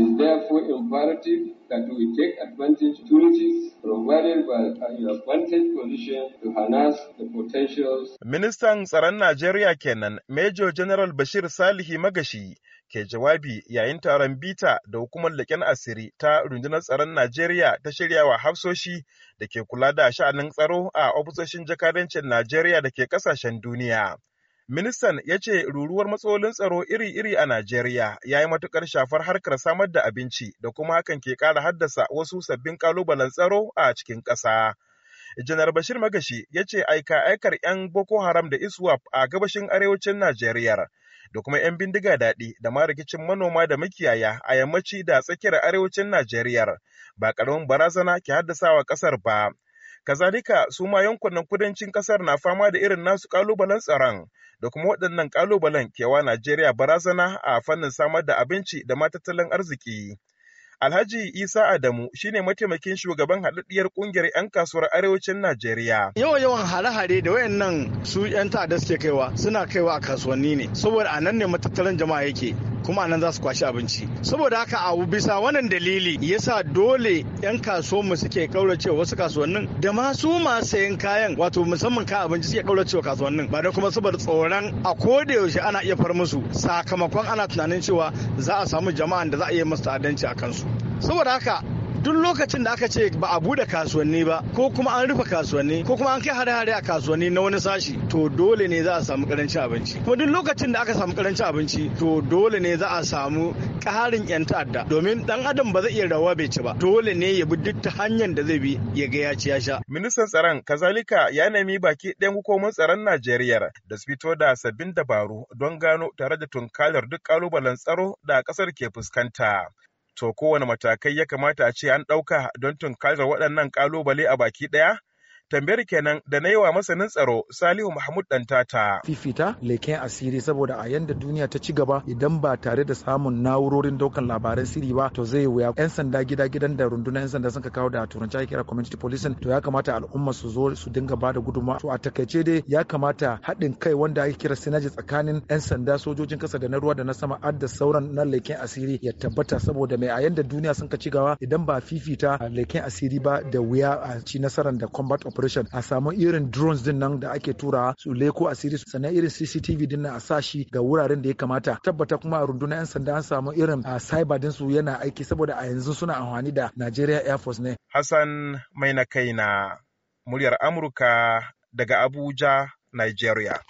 is therefore imperative that we take advantage of opportunities provided by uh, our advantage position to harness the potentials. Ministan tsaron Najeriya kenan Major General Bashir Salihi Magashi ke jawabi yayin taron bita da hukumar leƙen asiri ta rundunar tsaron Najeriya ta shiryawa hafsoshi da ke kula da sha'anin tsaro a ofisoshin jakadancin Najeriya da ke ƙasashen duniya. Ministan ya ce ruruwar matsalolin tsaro iri-iri a Najeriya ya yi matukar shafar harkar samar da abinci da kuma hakan ke ƙara haddasa wasu sabbin ƙalubalen tsaro a cikin ƙasa. Janar Bashir Magashi ya ce aika aikar 'yan Boko Haram da ISWAP a gabashin arewacin Najeriya da kuma 'yan bindiga daɗi da ma rikicin manoma da makiyaya a yammaci da tsakiyar arewacin Najeriya ba ƙaramin barazana ke haddasa wa ƙasar ba. Kazalika su ma yankunan kudancin kasar na fama da irin nasu kalubalen tsaron da kuma waɗannan kalubalen kewa Najeriya barazana a fannin samar da abinci da ma tattalin arziki. Alhaji Isa Adamu shine mataimakin shugaban haɗaɗɗiyar ƙungiyar 'yan kasuwar arewacin Najeriya. Yawan yawan hare-hare da wayannan su 'yan ta'adda suke kaiwa suna kaiwa a kasuwanni ne saboda a nan ne matattalin jama'a yake. kuma nan za su kwashi abinci saboda haka abu bisa wannan dalili yasa dole yan kasuwanmu suke kaurace wasu kasuwannin da ma su ma sayan kayan wato musamman kayan abinci suke kaurace wa kasuwannin ba da kuma saboda tsoron a koda yaushe ana iya far musu sakamakon ana tunanin cewa za a samu jama'an da za a yi masu ta'addanci a kansu saboda haka duk lokacin da aka ce ba a bude kasuwanni ba ko kuma an rufe kasuwanni ko kuma an kai hare-hare a kasuwanni na wani sashi to dole ne za a samu karancin abinci kuma duk lokacin da aka samu karancin abinci to dole ne za a samu karin yan ta'adda domin dan adam ba zai iya rawa bai ci ba dole ne ya bi duk ta hanyar da zai bi ya ga ya ci ya sha ministan tsaron kazalika ya nemi baki ɗayan hukumar tsaron Najeriya da su fito da sabbin dabaru don gano tare da tunkalar duk kalubalen tsaro da kasar ke fuskanta To kowane matakai ya kamata a ce an ɗauka don tunkarar waɗannan ƙalubale a baki ɗaya? Tambayar kenan da na yi wa masanin tsaro Salihu Mahmud tata. Fifita leken asiri saboda a yanda duniya ta ci gaba idan ba tare da samun na'urorin daukan labaran sirri ba to zai wuya. 'Yan sanda gida gidan da rundunar 'yan sanda suka kawo da turanci ake kira community policing to ya kamata al'umma su zo su dinga ba da guduma. To a takaice dai ya kamata haɗin kai wanda ake kira sinaji tsakanin 'yan sanda sojojin kasa da na ruwa da na sama adda sauran na leken asiri ya tabbata saboda mai a yanda duniya sun ka ci gaba idan ba fifita leken asiri ba da wuya a ci nasarar da combat operation a samu irin drones din nan da ake tura su leko asiri sannan irin CCTV din nan a sashi ga wuraren da ya kamata tabbata kuma a rundunar 'yan sanda an samu irin a cyber din su yana aiki saboda a yanzu suna amfani da Nigeria Air Force ne. Hassan mai na kai na muryar Amurka daga Abuja, Nigeria.